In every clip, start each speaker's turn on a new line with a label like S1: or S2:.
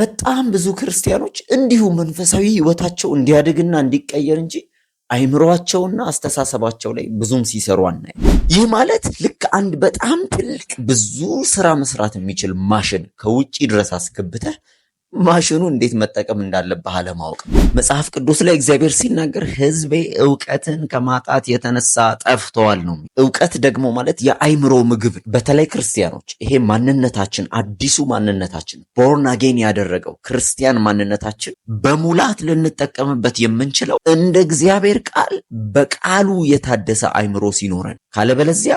S1: በጣም ብዙ ክርስቲያኖች እንዲሁ መንፈሳዊ ህይወታቸው እንዲያድግና እንዲቀየር እንጂ አይምሯቸውና አስተሳሰባቸው ላይ ብዙም ሲሰሩ አናይ። ይህ ማለት ልክ አንድ በጣም ትልቅ ብዙ ስራ መስራት የሚችል ማሽን ከውጭ ድረስ አስገብተህ ማሽኑ እንዴት መጠቀም እንዳለብህ አለማወቅ። መጽሐፍ ቅዱስ ላይ እግዚአብሔር ሲናገር ሕዝቤ እውቀትን ከማጣት የተነሳ ጠፍተዋል ነው። እውቀት ደግሞ ማለት የአይምሮ ምግብ። በተለይ ክርስቲያኖች ይሄ ማንነታችን፣ አዲሱ ማንነታችን ቦርን አጌን ያደረገው ክርስቲያን ማንነታችን በሙላት ልንጠቀምበት የምንችለው እንደ እግዚአብሔር ቃል በቃሉ የታደሰ አይምሮ ሲኖረን፣ ካለበለዚያ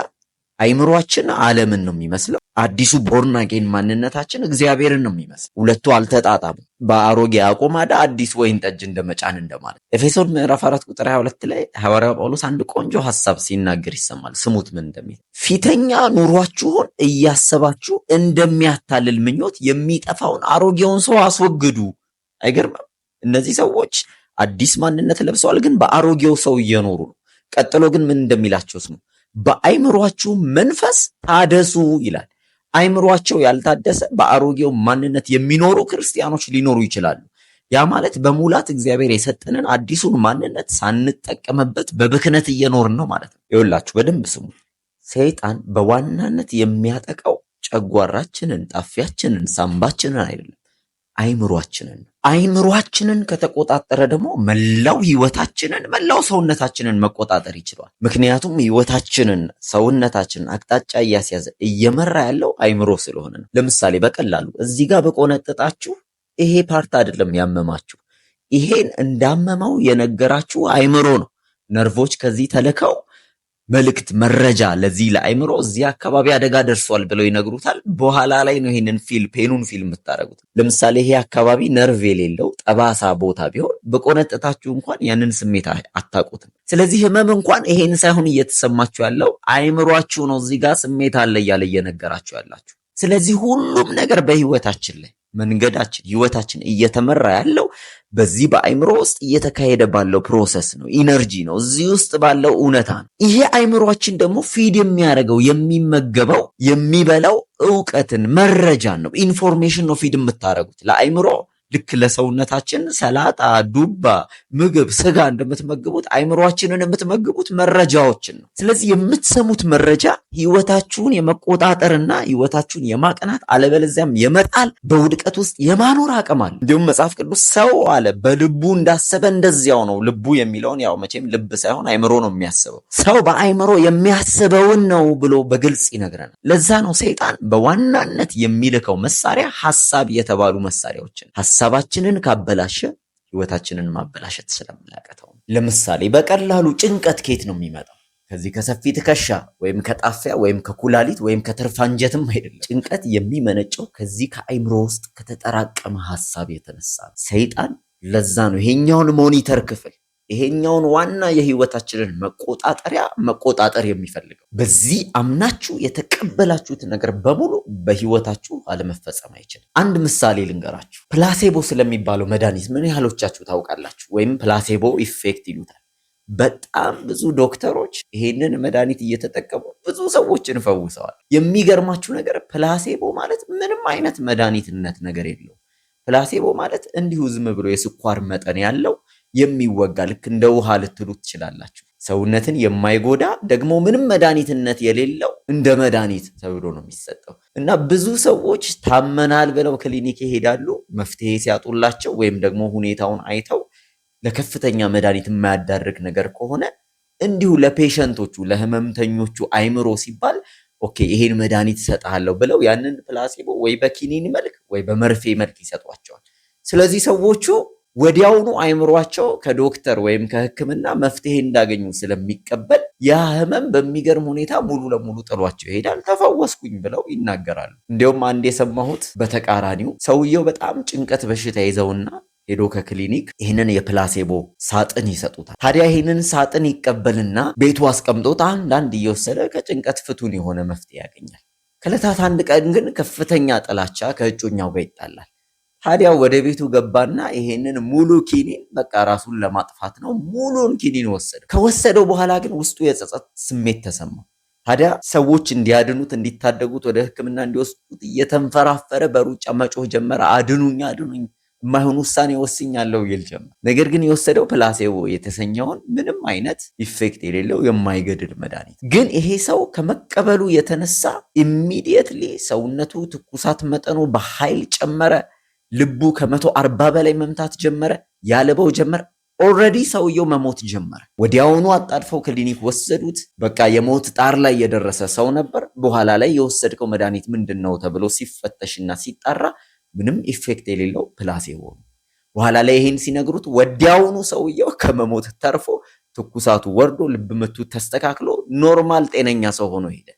S1: አይምሯችን ዓለምን ነው የሚመስለው። አዲሱ ቦርናጌን ማንነታችን እግዚአብሔርን ነው የሚመስል። ሁለቱ አልተጣጣሙ። በአሮጌ አቆማዳ አዲስ ወይን ጠጅ እንደመጫን እንደማለት። ኤፌሶን ምዕራፍ 4 ቁጥር 22 ላይ ሐዋርያው ጳውሎስ አንድ ቆንጆ ሐሳብ ሲናገር ይሰማል። ስሙት ምን እንደሚል፣ ፊተኛ ኑሯችሁን እያሰባችሁ እንደሚያታልል ምኞት የሚጠፋውን አሮጌውን ሰው አስወግዱ። አይገርምም? እነዚህ ሰዎች አዲስ ማንነት ለብሰዋል፣ ግን በአሮጌው ሰው እየኖሩ ነው። ቀጥሎ ግን ምን እንደሚላቸው ስሙ፣ በአይምሯችሁ መንፈስ ታደሱ ይላል አይምሯቸው ያልታደሰ በአሮጌው ማንነት የሚኖሩ ክርስቲያኖች ሊኖሩ ይችላሉ። ያ ማለት በሙላት እግዚአብሔር የሰጠንን አዲሱን ማንነት ሳንጠቀምበት በብክነት እየኖርን ነው ማለት ነው። ይኸውላችሁ በደንብ ስሙ። ሰይጣን በዋናነት የሚያጠቃው ጨጓራችንን፣ ጣፊያችንን፣ ሳምባችንን አይደለም። አይምሯችንን አይምሯችንን ከተቆጣጠረ ደግሞ መላው ህይወታችንን መላው ሰውነታችንን መቆጣጠር ይችላል። ምክንያቱም ህይወታችንን ሰውነታችንን አቅጣጫ እያስያዘ እየመራ ያለው አይምሮ ስለሆነ ነው። ለምሳሌ በቀላሉ እዚህ ጋር በቆነጠጣችሁ ይሄ ፓርት አይደለም ያመማችሁ፣ ይሄን እንዳመመው የነገራችሁ አይምሮ ነው። ነርቮች ከዚህ ተልከው መልእክት፣ መረጃ ለዚህ ለአይምሮ እዚህ አካባቢ አደጋ ደርሷል ብለው ይነግሩታል። በኋላ ላይ ነው ይህንን ፊል ፔኑን ፊል የምታደርጉት። ለምሳሌ ይሄ አካባቢ ነርቭ የሌለው ጠባሳ ቦታ ቢሆን በቆነጠታችሁ እንኳን ያንን ስሜት አታውቁትም። ስለዚህ ህመም እንኳን ይሄን ሳይሆን እየተሰማችሁ ያለው አይምሯችሁ ነው። እዚህ ጋር ስሜት አለ እያለ እየነገራችሁ ያላችሁ። ስለዚህ ሁሉም ነገር በህይወታችን ላይ መንገዳችን ህይወታችን እየተመራ ያለው በዚህ በአይምሮ ውስጥ እየተካሄደ ባለው ፕሮሰስ ነው፣ ኢነርጂ ነው፣ እዚህ ውስጥ ባለው እውነታ ነው። ይሄ አይምሯችን ደግሞ ፊድ የሚያደርገው የሚመገበው የሚበላው እውቀትን መረጃን ነው። ኢንፎርሜሽን ነው ፊድ የምታደርጉት ለአይምሮ ልክ ለሰውነታችን ሰላጣ፣ ዱባ፣ ምግብ፣ ስጋ እንደምትመግቡት አይምሯችንን የምትመግቡት መረጃዎችን ነው። ስለዚህ የምትሰሙት መረጃ ህይወታችሁን የመቆጣጠርና ህይወታችሁን የማቅናት አለበለዚያም የመጣል በውድቀት ውስጥ የማኖር አቅም አለ። እንዲሁም መጽሐፍ ቅዱስ ሰው አለ በልቡ እንዳሰበ እንደዚያው ነው። ልቡ የሚለውን ያው መቼም ልብ ሳይሆን አይምሮ ነው የሚያስበው። ሰው በአይምሮ የሚያስበውን ነው ብሎ በግልጽ ይነግረናል። ለዛ ነው ሰይጣን በዋናነት የሚልከው መሳሪያ ሀሳብ የተባሉ መሳሪያዎችን ሀሳባችንን ካበላሸ ህይወታችንን ማበላሸት ስለምናቀተው። ለምሳሌ በቀላሉ ጭንቀት ከየት ነው የሚመጣው? ከዚህ ከሰፊ ትከሻ ወይም ከጣፊያ ወይም ከኩላሊት ወይም ከተርፍ አንጀትም አይደለም። ጭንቀት የሚመነጨው ከዚህ ከአይምሮ ውስጥ ከተጠራቀመ ሀሳብ የተነሳ ነው። ሰይጣን ለዛ ነው ይሄኛውን ሞኒተር ክፍል ይሄኛውን ዋና የህይወታችንን መቆጣጠሪያ መቆጣጠር የሚፈልገው በዚህ አምናችሁ የተቀበላችሁት ነገር በሙሉ በህይወታችሁ አለመፈጸም አይችልም። አንድ ምሳሌ ልንገራችሁ። ፕላሴቦ ስለሚባለው መድኃኒት ምን ያህሎቻችሁ ታውቃላችሁ? ወይም ፕላሴቦ ኢፌክት ይሉታል። በጣም ብዙ ዶክተሮች ይሄንን መድኃኒት እየተጠቀሙ ብዙ ሰዎችን ፈውሰዋል። የሚገርማችሁ ነገር ፕላሴቦ ማለት ምንም አይነት መድኃኒትነት ነገር የለውም። ፕላሴቦ ማለት እንዲሁ ዝም ብሎ የስኳር መጠን ያለው የሚወጋ ልክ እንደ ውሃ ልትሉ ትችላላችሁ። ሰውነትን የማይጎዳ ደግሞ ምንም መድኃኒትነት የሌለው እንደ መድኃኒት ተብሎ ነው የሚሰጠው እና ብዙ ሰዎች ታመናል ብለው ክሊኒክ ይሄዳሉ። መፍትሄ ሲያጡላቸው ወይም ደግሞ ሁኔታውን አይተው ለከፍተኛ መድኃኒት የማያዳርግ ነገር ከሆነ እንዲሁ ለፔሸንቶቹ ለህመምተኞቹ አይምሮ ሲባል ኦኬ ይሄን መድኃኒት እሰጥሃለሁ ብለው ያንን ፕላሲቦ ወይ በኪኒን መልክ ወይ በመርፌ መልክ ይሰጧቸዋል። ስለዚህ ሰዎቹ ወዲያውኑ አይምሯቸው ከዶክተር ወይም ከሕክምና መፍትሄ እንዳገኙ ስለሚቀበል ያ ህመም በሚገርም ሁኔታ ሙሉ ለሙሉ ጥሏቸው ይሄዳል። ተፈወስኩኝ ብለው ይናገራሉ። እንዲሁም አንድ የሰማሁት በተቃራኒው ሰውየው በጣም ጭንቀት በሽታ ይዘውና ሄዶ ከክሊኒክ ይህንን የፕላሴቦ ሳጥን ይሰጡታል። ታዲያ ይህንን ሳጥን ይቀበልና ቤቱ አስቀምጦት አንዳንድ እየወሰደ ከጭንቀት ፍቱን የሆነ መፍትሄ ያገኛል። ከዕለታት አንድ ቀን ግን ከፍተኛ ጥላቻ ከእጮኛው ጋር ይጣላል። ታዲያ ወደ ቤቱ ገባና ይሄንን ሙሉ ኪኒን በቃ ራሱን ለማጥፋት ነው፣ ሙሉን ኪኒን ወሰደ ከወሰደው በኋላ ግን ውስጡ የጸጸት ስሜት ተሰማ። ታዲያ ሰዎች እንዲያድኑት እንዲታደጉት ወደ ሕክምና እንዲወስዱት እየተንፈራፈረ በሩጫ መጮህ ጀመረ። አድኑኝ፣ አድኑኝ የማይሆን ውሳኔ ወስኛለሁ ይል ጀመር። ነገር ግን የወሰደው ፕላሴቦ የተሰኘውን ምንም አይነት ኢፌክት የሌለው የማይገድል መድኃኒት። ግን ይሄ ሰው ከመቀበሉ የተነሳ ኢሚዲየትሊ ሰውነቱ ትኩሳት መጠኑ በኃይል ጨመረ። ልቡ ከመቶ አርባ በላይ መምታት ጀመረ። ያለበው ጀመር። ኦልሬዲ ሰውየው መሞት ጀመረ። ወዲያውኑ አጣድፈው ክሊኒክ ወሰዱት። በቃ የሞት ጣር ላይ የደረሰ ሰው ነበር። በኋላ ላይ የወሰድከው መድኃኒት ምንድን ነው ተብሎ ሲፈተሽና ሲጣራ ምንም ኢፌክት የሌለው ፕላሴ ሆኑ። በኋላ ላይ ይህን ሲነግሩት ወዲያውኑ ሰውየው ከመሞት ተርፎ ትኩሳቱ ወርዶ ልብ ምቱ ተስተካክሎ ኖርማል ጤነኛ ሰው ሆኖ ሄደ።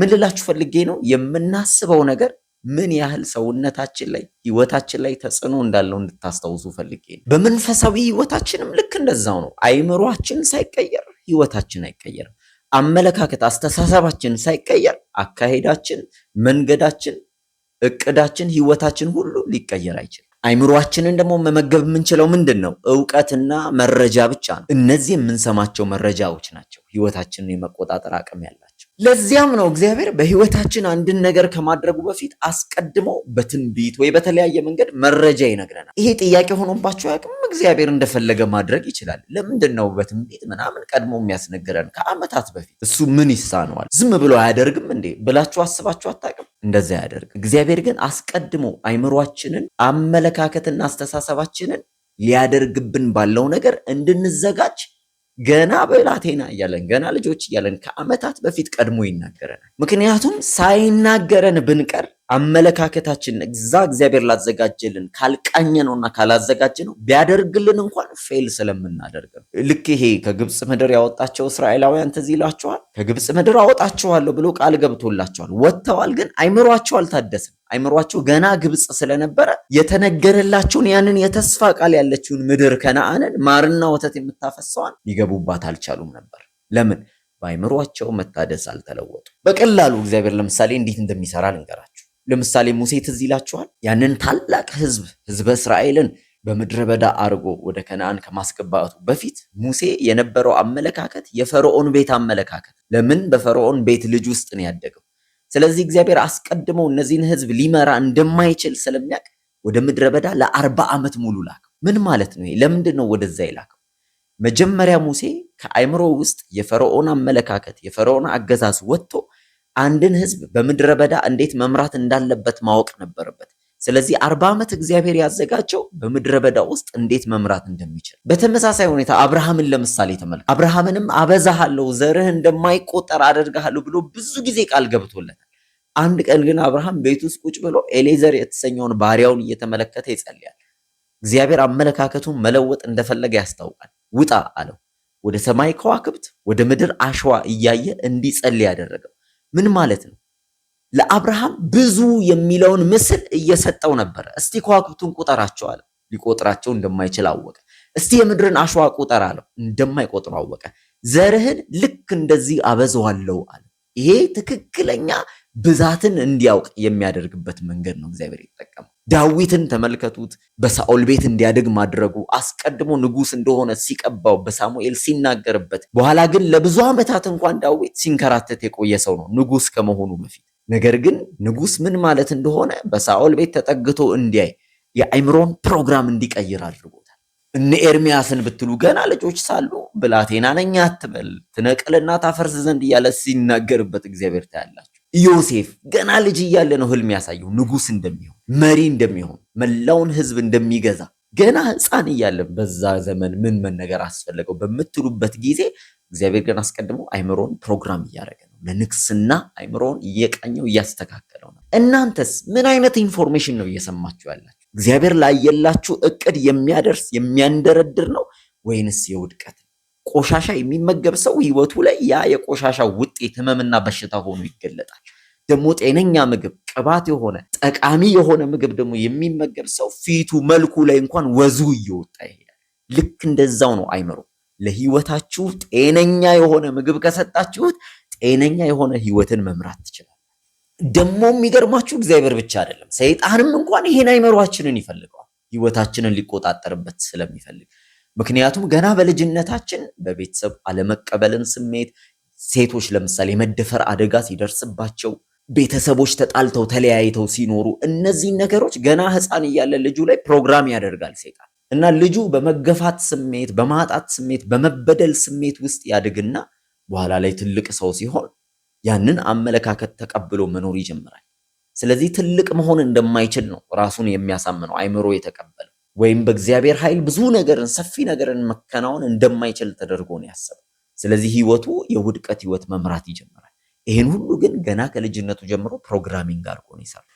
S1: ምን ልላችሁ ፈልጌ ነው የምናስበው ነገር ምን ያህል ሰውነታችን ላይ ህይወታችን ላይ ተጽዕኖ እንዳለው እንድታስታውሱ ፈልጌ ነው። በመንፈሳዊ ህይወታችንም ልክ እንደዛው ነው። አይምሯችን ሳይቀየር ህይወታችን አይቀየርም። አመለካከት አስተሳሰባችን ሳይቀየር አካሄዳችን፣ መንገዳችን፣ እቅዳችን፣ ህይወታችን ሁሉ ሊቀየር አይችልም። አይምሯችንን ደግሞ መመገብ የምንችለው ምንድን ነው? እውቀትና መረጃ ብቻ ነው። እነዚህ የምንሰማቸው መረጃዎች ናቸው ህይወታችንን የመቆጣጠር አቅም ያለ ለዚያም ነው እግዚአብሔር በህይወታችን አንድን ነገር ከማድረጉ በፊት አስቀድሞ በትንቢት ወይ በተለያየ መንገድ መረጃ ይነግረናል። ይሄ ጥያቄ ሆኖባቸው አያውቅም። እግዚአብሔር እንደፈለገ ማድረግ ይችላል። ለምንድን ነው በትንቢት ምናምን ቀድሞ የሚያስነግረን? ከዓመታት በፊት እሱ ምን ይሳነዋል? ዝም ብሎ አያደርግም እንዴ ብላችሁ አስባችሁ አታውቅም? እንደዚያ አያደርግ። እግዚአብሔር ግን አስቀድሞ አይምሯችንን፣ አመለካከትና አስተሳሰባችንን ሊያደርግብን ባለው ነገር እንድንዘጋጅ ገና በላቴና እያለን ገና ልጆች እያለን ከአመታት በፊት ቀድሞ ይናገረናል። ምክንያቱም ሳይናገረን ብንቀር አመለካከታችን እዛ እግዚአብሔር ላዘጋጀልን ካልቃኘ ነውና ካላዘጋጀ ነው ቢያደርግልን እንኳን ፌል ስለምናደርግ ነው። ልክ ይሄ ከግብፅ ምድር ያወጣቸው እስራኤላውያን ትዝ ይላቸዋል። ከግብፅ ምድር አወጣቸዋለሁ ብሎ ቃል ገብቶላቸዋል። ወጥተዋል፣ ግን አይምሯቸው አልታደሰም። አይምሯቸው ገና ግብፅ ስለነበረ የተነገረላችሁን ያንን የተስፋ ቃል ያለችውን ምድር ከነአንን ማርና ወተት የምታፈሰዋን ሊገቡባት አልቻሉም ነበር። ለምን? በአይምሯቸው መታደስ አልተለወጡ። በቀላሉ እግዚአብሔር ለምሳሌ እንዴት እንደሚሰራ ልንገራችሁ። ለምሳሌ ሙሴ ትዝ ይላችኋል። ያንን ታላቅ ህዝብ ህዝበ እስራኤልን በምድረ በዳ አድርጎ ወደ ከነአን ከማስገባቱ በፊት ሙሴ የነበረው አመለካከት የፈርዖን ቤት አመለካከት። ለምን? በፈርዖን ቤት ልጅ ውስጥ ነው ያደገው ስለዚህ እግዚአብሔር አስቀድሞ እነዚህን ህዝብ ሊመራ እንደማይችል ስለሚያውቅ ወደ ምድረ በዳ ለአርባ ዓመት ሙሉ ላክ ምን ማለት ነው? ለምንድን ነው ወደዛ የላከው? መጀመሪያ ሙሴ ከአይምሮ ውስጥ የፈርዖን አመለካከት የፈርዖን አገዛዝ ወጥቶ አንድን ህዝብ በምድረ በዳ እንዴት መምራት እንዳለበት ማወቅ ነበረበት። ስለዚህ አርባ ዓመት እግዚአብሔር ያዘጋጀው በምድረ በዳ ውስጥ እንዴት መምራት እንደሚችል በተመሳሳይ ሁኔታ አብርሃምን ለምሳሌ ተመልከት። አብርሃምንም አበዛሃለሁ፣ ዘርህ እንደማይቆጠር አደርግሃለሁ ብሎ ብዙ ጊዜ ቃል ገብቶለታል። አንድ ቀን ግን አብርሃም ቤት ውስጥ ቁጭ ብሎ ኤሌዘር የተሰኘውን ባሪያውን እየተመለከተ ይጸልያል። እግዚአብሔር አመለካከቱን መለወጥ እንደፈለገ ያስታውቃል። ውጣ አለው። ወደ ሰማይ ከዋክብት፣ ወደ ምድር አሸዋ እያየ እንዲጸልይ ያደረገው ምን ማለት ነው? ለአብርሃም ብዙ የሚለውን ምስል እየሰጠው ነበረ። እስቲ ከዋክብቱን ቁጠራቸው አለ። ሊቆጥራቸው እንደማይችል አወቀ። እስቲ የምድርን አሸዋ ቁጠር አለው። እንደማይቆጥሩ አወቀ። ዘርህን ልክ እንደዚህ አበዛዋለሁ አለ። ይሄ ትክክለኛ ብዛትን እንዲያውቅ የሚያደርግበት መንገድ ነው እግዚአብሔር የተጠቀመው። ዳዊትን ተመልከቱት። በሳኦል ቤት እንዲያድግ ማድረጉ አስቀድሞ ንጉሥ እንደሆነ ሲቀባው በሳሙኤል ሲናገርበት፣ በኋላ ግን ለብዙ ዓመታት እንኳን ዳዊት ሲንከራተት የቆየ ሰው ነው ንጉሥ ከመሆኑ በፊት ነገር ግን ንጉስ ምን ማለት እንደሆነ በሳኦል ቤት ተጠግቶ እንዲያይ የአይምሮን ፕሮግራም እንዲቀይር አድርጎታል። እነ ኤርሚያስን ብትሉ ገና ልጆች ሳሉ ብላቴና ነኝ አትበል ትነቅልና ታፈርስ ዘንድ እያለ ሲናገርበት እግዚአብሔር ታያላቸው። ዮሴፍ ገና ልጅ እያለ ነው ህልም ያሳየው ንጉስ እንደሚሆን መሪ እንደሚሆን መላውን ህዝብ እንደሚገዛ ገና ህፃን እያለን በዛ ዘመን ምን መነገር አስፈለገው በምትሉበት ጊዜ እግዚአብሔር ግን አስቀድሞ አይምሮን ፕሮግራም እያደረገ በንግስና አይምሮውን እየቃኘው እያስተካከለው ነው። እናንተስ ምን አይነት ኢንፎርሜሽን ነው እየሰማችሁ ያላችሁ? እግዚአብሔር ላየላችሁ እቅድ የሚያደርስ የሚያንደረድር ነው ወይንስ የውድቀት ነው? ቆሻሻ የሚመገብ ሰው ህይወቱ ላይ ያ የቆሻሻ ውጤት ህመምና በሽታ ሆኖ ይገለጣል። ደግሞ ጤነኛ ምግብ፣ ቅባት የሆነ ጠቃሚ የሆነ ምግብ ደግሞ የሚመገብ ሰው ፊቱ መልኩ ላይ እንኳን ወዙ እየወጣ ይሄዳል። ልክ እንደዛው ነው አይምሮ ለህይወታችሁ ጤነኛ የሆነ ምግብ ከሰጣችሁት ጤነኛ የሆነ ህይወትን መምራት ትችላል። ደግሞ የሚገርማችሁ እግዚአብሔር ብቻ አይደለም፣ ሰይጣንም እንኳን ይሄን አይምሯችንን ይፈልገዋል፣ ህይወታችንን ሊቆጣጠርበት ስለሚፈልግ። ምክንያቱም ገና በልጅነታችን በቤተሰብ አለመቀበልን ስሜት፣ ሴቶች ለምሳሌ የመደፈር አደጋ ሲደርስባቸው፣ ቤተሰቦች ተጣልተው ተለያይተው ሲኖሩ፣ እነዚህን ነገሮች ገና ህፃን እያለ ልጁ ላይ ፕሮግራም ያደርጋል ሴጣን እና ልጁ በመገፋት ስሜት፣ በማጣት ስሜት፣ በመበደል ስሜት ውስጥ ያድግና በኋላ ላይ ትልቅ ሰው ሲሆን ያንን አመለካከት ተቀብሎ መኖር ይጀምራል። ስለዚህ ትልቅ መሆን እንደማይችል ነው ራሱን የሚያሳምነው አይምሮ የተቀበለው ወይም በእግዚአብሔር ኃይል ብዙ ነገርን ሰፊ ነገርን መከናወን እንደማይችል ተደርጎ ነው ያሰበ። ስለዚህ ህይወቱ የውድቀት ህይወት መምራት ይጀምራል። ይህን ሁሉ ግን ገና ከልጅነቱ ጀምሮ ፕሮግራሚንግ አድርጎ ነው ይሰራል።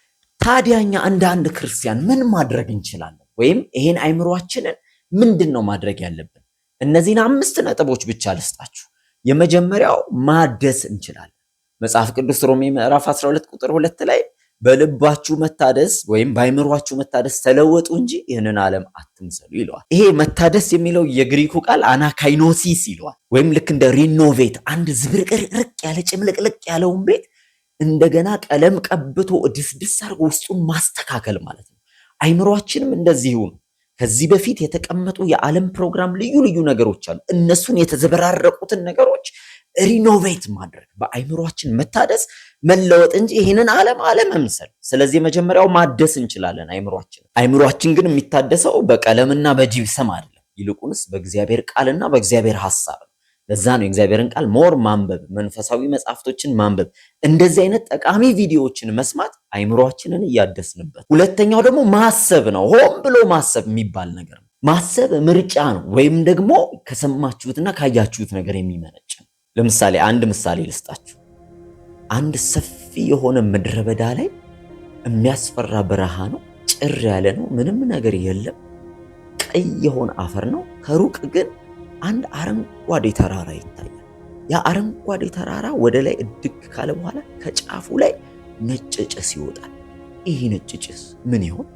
S1: ታዲያኛ እንደ አንድ ክርስቲያን ምን ማድረግ እንችላለን? ወይም ይሄን አይምሯችንን ምንድን ነው ማድረግ ያለብን? እነዚህን አምስት ነጥቦች ብቻ ልስጣችሁ። የመጀመሪያው ማደስ እንችላለን። መጽሐፍ ቅዱስ ሮሜ ምዕራፍ 12 ቁጥር 2 ላይ በልባችሁ መታደስ ወይም በአይምሯችሁ መታደስ ተለወጡ እንጂ ይህንን ዓለም አትምሰሉ ይለዋል። ይሄ መታደስ የሚለው የግሪኩ ቃል አናካይኖሲስ ይለዋል። ወይም ልክ እንደ ሪኖቬት አንድ ዝብርቅርቅ ያለ ጭምልቅልቅ ያለውን ቤት እንደገና ቀለም ቀብቶ ድስድስ አድርጎ ውስጡን ማስተካከል ማለት ነው። አይምሯችንም እንደዚህ ይሁን። ከዚህ በፊት የተቀመጡ የዓለም ፕሮግራም ልዩ ልዩ ነገሮች አሉ። እነሱን የተዘበራረቁትን ነገሮች ሪኖቬት ማድረግ በአይምሯችን መታደስ መለወጥ እንጂ ይህንን ዓለም አለመምሰል። ስለዚህ መጀመሪያው ማደስ እንችላለን አይምሯችን። አይምሯችን ግን የሚታደሰው በቀለምና በጂብሰም አይደለም፣ ይልቁንስ በእግዚአብሔር ቃልና በእግዚአብሔር ሐሳብ ለዛ ነው የእግዚአብሔርን ቃል ሞር ማንበብ፣ መንፈሳዊ መጽሐፍቶችን ማንበብ፣ እንደዚህ አይነት ጠቃሚ ቪዲዮዎችን መስማት አይምሯችንን እያደስንበት። ሁለተኛው ደግሞ ማሰብ ነው። ሆን ብሎ ማሰብ የሚባል ነገር ነው። ማሰብ ምርጫ ነው፣ ወይም ደግሞ ከሰማችሁትና ካያችሁት ነገር የሚመነጭ ነው። ለምሳሌ አንድ ምሳሌ ልስጣችሁ። አንድ ሰፊ የሆነ ምድረ በዳ ላይ የሚያስፈራ በረሃ ነው። ጭር ያለ ነው። ምንም ነገር የለም። ቀይ የሆነ አፈር ነው። ከሩቅ ግን አንድ አረንጓዴ ተራራ ይታያል። ያ አረንጓዴ ተራራ ወደ ላይ እድግ ካለ በኋላ ከጫፉ ላይ ነጭ ጭስ ይወጣል። ይህ ነጭ ጭስ ምን ይሆን?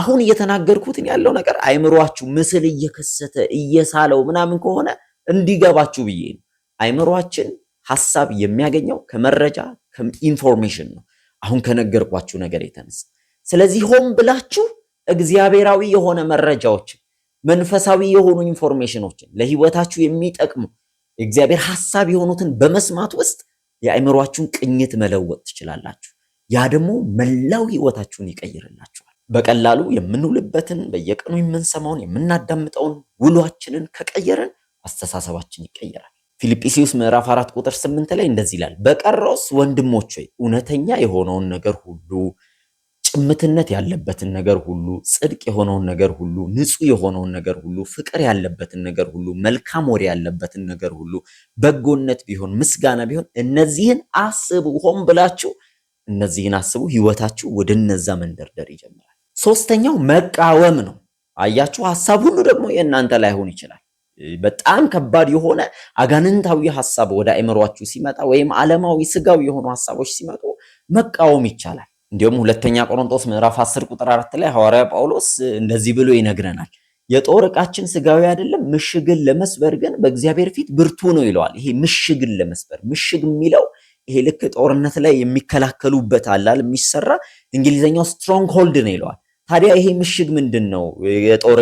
S1: አሁን እየተናገርኩትን ያለው ነገር አይምሯችሁ ምስል እየከሰተ እየሳለው ምናምን ከሆነ እንዲገባችሁ ብዬ ነው። አይምሯችን ሀሳብ የሚያገኘው ከመረጃ ኢንፎርሜሽን ነው፣ አሁን ከነገርኳችሁ ነገር የተነሳ። ስለዚህ ሆን ብላችሁ እግዚአብሔራዊ የሆነ መረጃዎችን መንፈሳዊ የሆኑ ኢንፎርሜሽኖችን ለህይወታችሁ የሚጠቅሙ የእግዚአብሔር ሐሳብ የሆኑትን በመስማት ውስጥ የአእምሯችሁን ቅኝት መለወጥ ትችላላችሁ። ያ ደግሞ መላው ህይወታችሁን ይቀይርላችኋል። በቀላሉ የምንውልበትን በየቀኑ የምንሰማውን የምናዳምጠውን ውሏችንን ከቀየርን አስተሳሰባችን ይቀየራል። ፊልጵስዩስ ምዕራፍ 4 ቁጥር 8 ላይ እንደዚህ ይላል፣ በቀረውስ ወንድሞች ሆይ እውነተኛ የሆነውን ነገር ሁሉ ጭምትነት ያለበትን ነገር ሁሉ፣ ጽድቅ የሆነውን ነገር ሁሉ፣ ንጹህ የሆነውን ነገር ሁሉ፣ ፍቅር ያለበትን ነገር ሁሉ፣ መልካም ወሬ ያለበትን ነገር ሁሉ፣ በጎነት ቢሆን ምስጋና ቢሆን እነዚህን አስቡ። ሆን ብላችሁ እነዚህን አስቡ። ህይወታችሁ ወደ እነዛ መንደርደር ይጀምራል። ሶስተኛው መቃወም ነው። አያችሁ፣ ሀሳብ ሁሉ ደግሞ የእናንተ ላይሆን ይችላል። በጣም ከባድ የሆነ አጋንንታዊ ሀሳብ ወደ አእምሯችሁ ሲመጣ ወይም ዓለማዊ ስጋዊ የሆኑ ሀሳቦች ሲመጡ መቃወም ይቻላል። እንዲሁም ሁለተኛ ቆሮንቶስ ምዕራፍ 10 ቁጥር 4 ላይ ሐዋርያ ጳውሎስ እንደዚህ ብሎ ይነግረናል። የጦር ዕቃችን ስጋዊ አይደለም፣ ምሽግን ለመስበር ግን በእግዚአብሔር ፊት ብርቱ ነው ይለዋል። ይሄ ምሽግን ለመስበር ምሽግ የሚለው ይሄ ልክ ጦርነት ላይ የሚከላከሉበት አላል የሚሰራ እንግሊዘኛው ስትሮንግ ሆልድ ነው ይለዋል። ታዲያ ይሄ ምሽግ ምንድን ነው? የጦር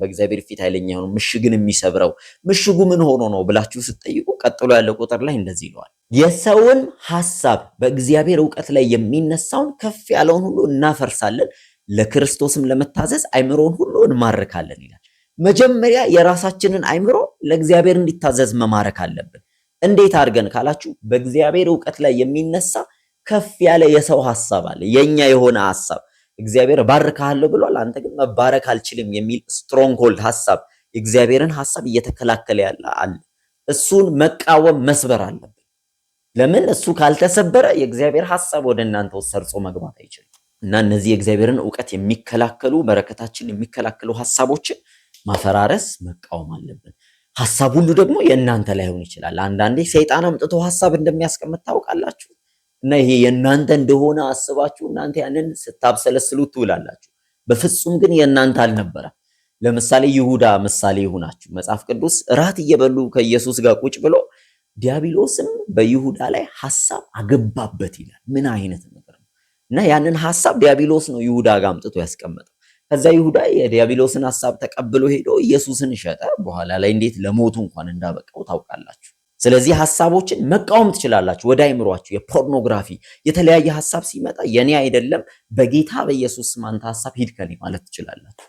S1: በእግዚአብሔር ፊት ኃይለኛ የሆኑ ምሽግን የሚሰብረው ምሽጉ ምን ሆኖ ነው ብላችሁ ስትጠይቁ ቀጥሎ ያለው ቁጥር ላይ እንደዚህ ይለዋል። የሰውን ሐሳብ በእግዚአብሔር እውቀት ላይ የሚነሳውን ከፍ ያለውን ሁሉ እናፈርሳለን፣ ለክርስቶስም ለመታዘዝ አይምሮን ሁሉ እንማርካለን ይላል። መጀመሪያ የራሳችንን አይምሮ ለእግዚአብሔር እንዲታዘዝ መማረክ አለብን። እንዴት አድርገን ካላችሁ በእግዚአብሔር እውቀት ላይ የሚነሳ ከፍ ያለ የሰው ሐሳብ አለ፣ የኛ የሆነ ሐሳብ እግዚአብሔር እባርካለሁ ብሏል። አንተ ግን መባረክ አልችልም የሚል ስትሮንግሆልድ ሐሳብ፣ የእግዚአብሔርን ሐሳብ እየተከላከለ ያለ አለ። እሱን መቃወም መስበር አለብን። ለምን እሱ ካልተሰበረ የእግዚአብሔር ሐሳብ ወደ እናንተ ውስጥ ሰርጾ መግባት አይችልም። እና እነዚህ የእግዚአብሔርን እውቀት የሚከላከሉ በረከታችን የሚከላከሉ ሐሳቦችን ማፈራረስ መቃወም አለብን። ሐሳብ ሁሉ ደግሞ የእናንተ ላይሆን ይችላል። አንዳንዴ ሰይጣን አምጥቶ ሐሳብ እንደሚያስቀምጥ ታውቃላችሁ። እና ይሄ የእናንተ እንደሆነ አስባችሁ እናንተ ያንን ስታብሰለስሉ ትውላላችሁ። በፍጹም ግን የእናንተ አልነበረ። ለምሳሌ ይሁዳ ምሳሌ ይሁናችሁ። መጽሐፍ ቅዱስ እራት እየበሉ ከኢየሱስ ጋር ቁጭ ብሎ ዲያብሎስም በይሁዳ ላይ ሐሳብ አገባበት ይላል። ምን አይነት ነገር ነው? እና ያንን ሐሳብ ዲያብሎስ ነው ይሁዳ ጋር አምጥቶ ያስቀመጠው። ከዛ ይሁዳ የዲያብሎስን ሐሳብ ተቀብሎ ሄዶ ኢየሱስን ሸጠ። በኋላ ላይ እንዴት ለሞቱ እንኳን እንዳበቃው ታውቃላችሁ። ስለዚህ ሐሳቦችን መቃወም ትችላላችሁ። ወደ አይምሯችሁ የፖርኖግራፊ የተለያየ ሐሳብ ሲመጣ የኔ አይደለም በጌታ በኢየሱስ ስም አንተ ሐሳብ ሂድ ከኔ ማለት ትችላላችሁ።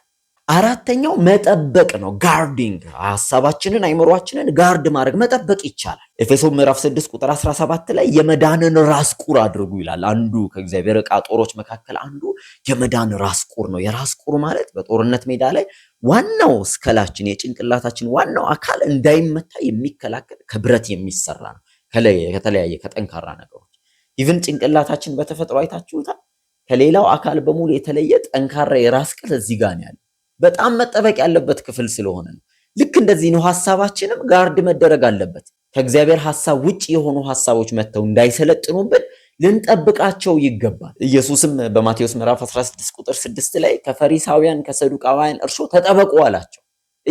S1: አራተኛው መጠበቅ ነው። ጋርዲንግ ሀሳባችንን አይምሯችንን ጋርድ ማድረግ መጠበቅ ይቻላል። ኤፌሶን ምዕራፍ 6 ቁጥር 17 ላይ የመዳንን ራስ ቁር አድርጉ ይላል። አንዱ ከእግዚአብሔር ዕቃ ጦሮች መካከል አንዱ የመዳን ራስ ቁር ነው። የራስ ቁር ማለት በጦርነት ሜዳ ላይ ዋናው እስከላችን የጭንቅላታችን ዋናው አካል እንዳይመታ የሚከላከል ከብረት የሚሰራ ነው። ከተለያየ ከጠንካራ ነገሮች ኢቭን ጭንቅላታችን በተፈጥሮ አይታችሁታል። ከሌላው አካል በሙሉ የተለየ ጠንካራ የራስ ቅል እዚህ ጋር ነው ያለው። በጣም መጠበቅ ያለበት ክፍል ስለሆነ ነው። ልክ እንደዚህ ነው ሐሳባችንም ጋርድ መደረግ አለበት። ከእግዚአብሔር ሐሳብ ውጭ የሆኑ ሐሳቦች መጥተው እንዳይሰለጥኑብን ልንጠብቃቸው ይገባል። ኢየሱስም በማቴዎስ ምዕራፍ 16 ቁጥር 6 ላይ ከፈሪሳውያን ከሰዱቃውያን እርሾ ተጠበቁ አላቸው።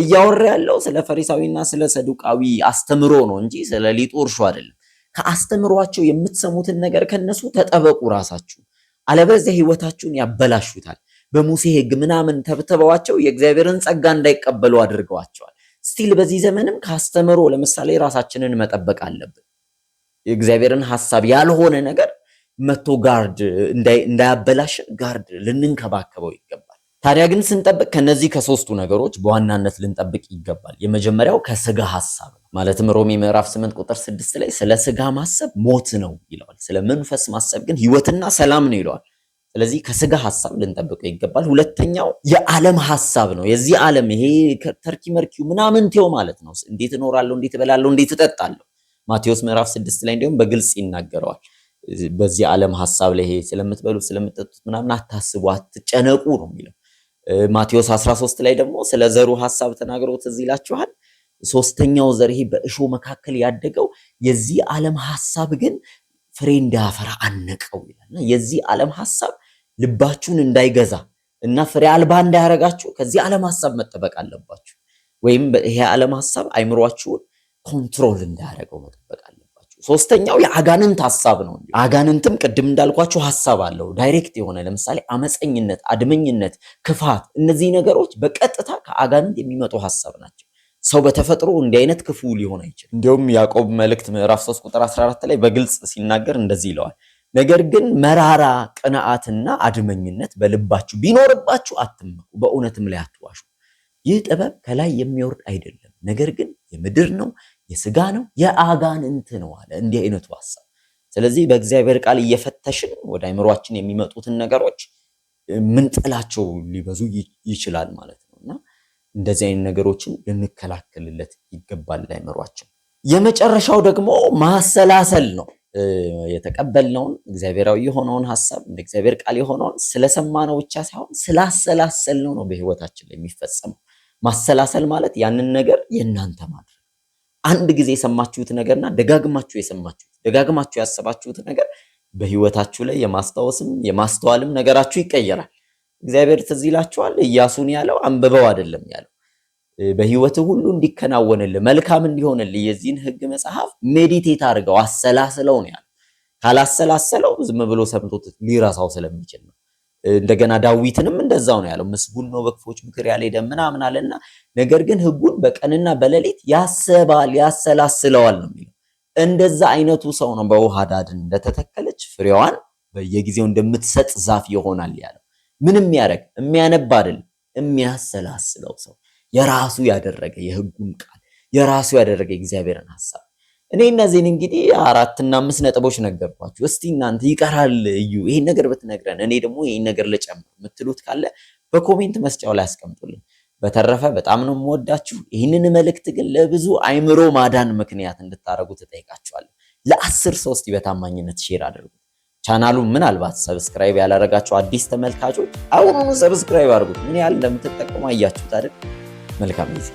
S1: እያወራ ያለው ስለ ፈሪሳዊና ስለ ሰዱቃዊ አስተምሮ ነው እንጂ ስለ ሊጡ እርሾ አይደለም። ከአስተምሯቸው የምትሰሙትን ነገር ከነሱ ተጠበቁ ራሳችሁ፣ አለበለዚያ ህይወታችሁን ያበላሹታል። በሙሴ ሕግ ምናምን ተብተበዋቸው የእግዚአብሔርን ጸጋ እንዳይቀበሉ አድርገዋቸዋል። ስቲል በዚህ ዘመንም ከአስተምሮ ለምሳሌ ራሳችንን መጠበቅ አለብን። የእግዚአብሔርን ሐሳብ ያልሆነ ነገር መቶ ጋርድ እንዳያበላሽን ጋርድ ልንንከባከበው ይገባል። ታዲያ ግን ስንጠብቅ ከነዚህ ከሶስቱ ነገሮች በዋናነት ልንጠብቅ ይገባል። የመጀመሪያው ከስጋ ሐሳብ ነው። ማለትም ሮሜ ምዕራፍ 8 ቁጥር 6 ላይ ስለ ስጋ ማሰብ ሞት ነው ይለዋል፣ ስለ መንፈስ ማሰብ ግን ህይወትና ሰላም ነው ይለዋል። ስለዚህ ከስጋ ሀሳብ ልንጠብቀው ይገባል። ሁለተኛው የዓለም ሀሳብ ነው። የዚህ ዓለም ይሄ ተርኪ መርኪው ምናምን ቴው ማለት ነው። እንዴት እኖራለሁ፣ እንዴት እበላለሁ፣ እንዴት እጠጣለሁ። ማቴዎስ ምዕራፍ ስድስት ላይ እንዲሁም በግልጽ ይናገረዋል። በዚህ ዓለም ሀሳብ ላይ ይሄ ስለምትበሉ ስለምትጠጡት ምናምን አታስቡ፣ አትጨነቁ ነው የሚለው። ማቴዎስ 13 ላይ ደግሞ ስለ ዘሩ ሀሳብ ተናግሮ ትዝ ይላችኋል። ሶስተኛው ዘር ይሄ በእሾ መካከል ያደገው የዚህ ዓለም ሀሳብ ግን ፍሬ እንዳያፈራ አነቀው ይላልና የዚህ ዓለም ሀሳብ ልባችሁን እንዳይገዛ እና ፍሬ አልባ እንዳያረጋችሁ ከዚህ ዓለም ሐሳብ መጠበቅ አለባችሁ። ወይም ይሄ ዓለም ሀሳብ አይምሯችሁን ኮንትሮል እንዳያረገው መጠበቅ አለባችሁ። ሶስተኛው የአጋንንት ሀሳብ ነው። አጋንንትም ቅድም እንዳልኳችሁ ሀሳብ አለው፣ ዳይሬክት የሆነ ለምሳሌ አመፀኝነት፣ አድመኝነት፣ ክፋት፣ እነዚህ ነገሮች በቀጥታ ከአጋንንት የሚመጡ ሀሳብ ናቸው። ሰው በተፈጥሮ እንዲህ አይነት ክፉ ሊሆን አይችልም። እንዲሁም ያዕቆብ መልእክት ምዕራፍ 3 ቁጥር 14 ላይ በግልጽ ሲናገር እንደዚህ ይለዋል ነገር ግን መራራ ቅንዓትና አድመኝነት በልባችሁ ቢኖርባችሁ አትመኩ፣ በእውነትም ላይ አትዋሹ። ይህ ጥበብ ከላይ የሚወርድ አይደለም፣ ነገር ግን የምድር ነው፣ የስጋ ነው፣ የአጋንንት ነው አለ። እንዲህ አይነቱ ሀሳብ። ስለዚህ በእግዚአብሔር ቃል እየፈተሽን ወደ አይምሯችን የሚመጡትን ነገሮች ምንጥላቸው ሊበዙ ይችላል ማለት ነው እና እንደዚህ አይነት ነገሮችን ልንከላከልለት ይገባል አይምሯችን። የመጨረሻው ደግሞ ማሰላሰል ነው። የተቀበልነውን እግዚአብሔራዊ የሆነውን ሀሳብ እንደ እግዚአብሔር ቃል የሆነውን ስለሰማነው ብቻ ሳይሆን ስላሰላሰልነው ነው በህይወታችን ላይ የሚፈጸመው። ማሰላሰል ማለት ያንን ነገር የእናንተ ማድረግ አንድ ጊዜ የሰማችሁት ነገርና ደጋግማችሁ የሰማችሁት ደጋግማችሁ ያሰባችሁት ነገር በህይወታችሁ ላይ የማስታወስም የማስተዋልም ነገራችሁ ይቀየራል። እግዚአብሔር ትዝ ይላችኋል፣ ያለው አንብበው አይደለም ያለው በህይወት ሁሉ እንዲከናወንል መልካም እንዲሆንልህ የዚህን ህግ መጽሐፍ ሜዲቴት አድርገው አሰላስለው ነው ያለ። ካላሰላሰለው ዝም ብሎ ሰምቶት ሊረሳው ስለሚችል ነው። እንደገና ዳዊትንም እንደዛው ነው ያለው። ምስጉን ነው በክፎች ምክር ያልሄደ ምናምን አለና፣ ነገር ግን ህጉን በቀንና በሌሊት ያሰባል ያሰላስለዋል ነው የሚለው። እንደዛ አይነቱ ሰው ነው በውሃ ዳድን እንደተተከለች ፍሬዋን በየጊዜው እንደምትሰጥ ዛፍ ይሆናል ያለው። ምንም ያደረግ የሚያነብ አይደል የሚያሰላስለው ሰው የራሱ ያደረገ የህጉን ቃል የራሱ ያደረገ እግዚአብሔርን ሐሳብ። እኔ እነዚህን እንግዲህ አራትና አምስት ነጥቦች ነገርኳችሁ። እስቲ እናንተ ይቀራል እዩ ይሄን ነገር ብትነግረን እኔ ደግሞ ይሄን ነገር ልጨምር የምትሉት ካለ በኮሜንት መስጫው ላይ አስቀምጡልን። በተረፈ በጣም ነው የምወዳችሁ። ይህንን መልእክት ግን ለብዙ አይምሮ ማዳን ምክንያት እንድታደርጉ ትጠይቃችኋለሁ። ለአስር ሰው እስቲ በታማኝነት ሼር አድርጉ ቻናሉን ምናልባት ሰብስክራይብ ያላረጋችሁ አዲስ ተመልካቾች አሁኑኑ ሰብስክራይብ አድርጉት። ምን ያህል እንደምትጠቀሙ አያችሁት አይደል? de la camisa.